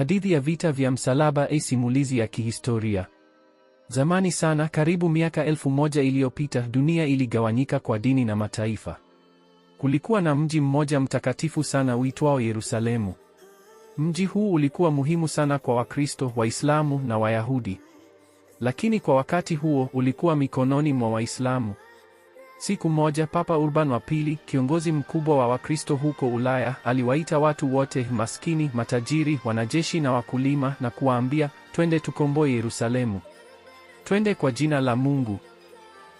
Hadithi ya vita vya msalaba, a simulizi ya kihistoria. Zamani sana, karibu miaka elfu moja iliyopita, dunia iligawanyika kwa dini na mataifa. Kulikuwa na mji mmoja mtakatifu sana uitwao Yerusalemu. Mji huu ulikuwa muhimu sana kwa Wakristo, Waislamu na Wayahudi. Lakini kwa wakati huo ulikuwa mikononi mwa Waislamu. Siku moja Papa Urban wa Pili, kiongozi mkubwa wa Wakristo huko Ulaya, aliwaita watu wote, maskini, matajiri, wanajeshi na wakulima, na kuwaambia, twende tukomboe Yerusalemu, twende kwa jina la Mungu.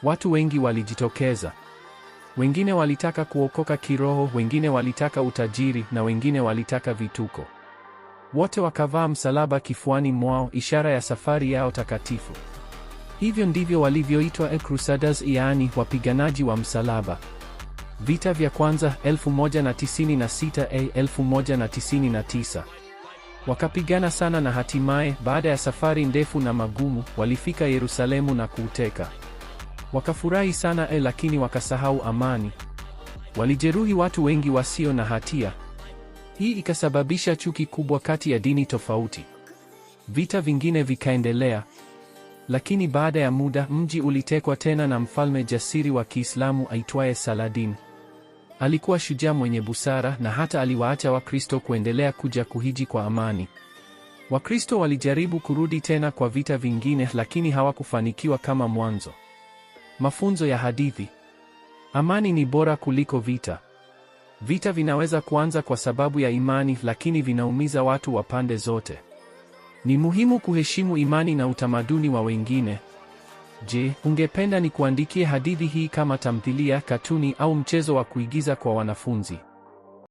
Watu wengi walijitokeza. Wengine walitaka kuokoka kiroho, wengine walitaka utajiri, na wengine walitaka vituko. Wote wakavaa msalaba kifuani mwao, ishara ya safari yao takatifu. Hivyo ndivyo walivyoitwa e Crusaders, yaani wapiganaji wa msalaba. Vita vya kwanza 1096 a 1099 wakapigana sana na hatimaye, baada ya safari ndefu na magumu, walifika Yerusalemu na kuuteka. Wakafurahi sana e, lakini wakasahau amani. Walijeruhi watu wengi wasio na hatia. Hii ikasababisha chuki kubwa kati ya dini tofauti. Vita vingine vikaendelea. Lakini baada ya muda mji ulitekwa tena na mfalme jasiri wa Kiislamu aitwaye Saladin. Alikuwa shujaa mwenye busara na hata aliwaacha Wakristo kuendelea kuja kuhiji kwa amani. Wakristo walijaribu kurudi tena kwa vita vingine lakini hawakufanikiwa kama mwanzo. Mafunzo ya hadithi. Amani ni bora kuliko vita. Vita vinaweza kuanza kwa sababu ya imani lakini vinaumiza watu wa pande zote. Ni muhimu kuheshimu imani na utamaduni wa wengine. Je, ungependa nikuandikie hadithi hii kama tamthilia, katuni au mchezo wa kuigiza kwa wanafunzi?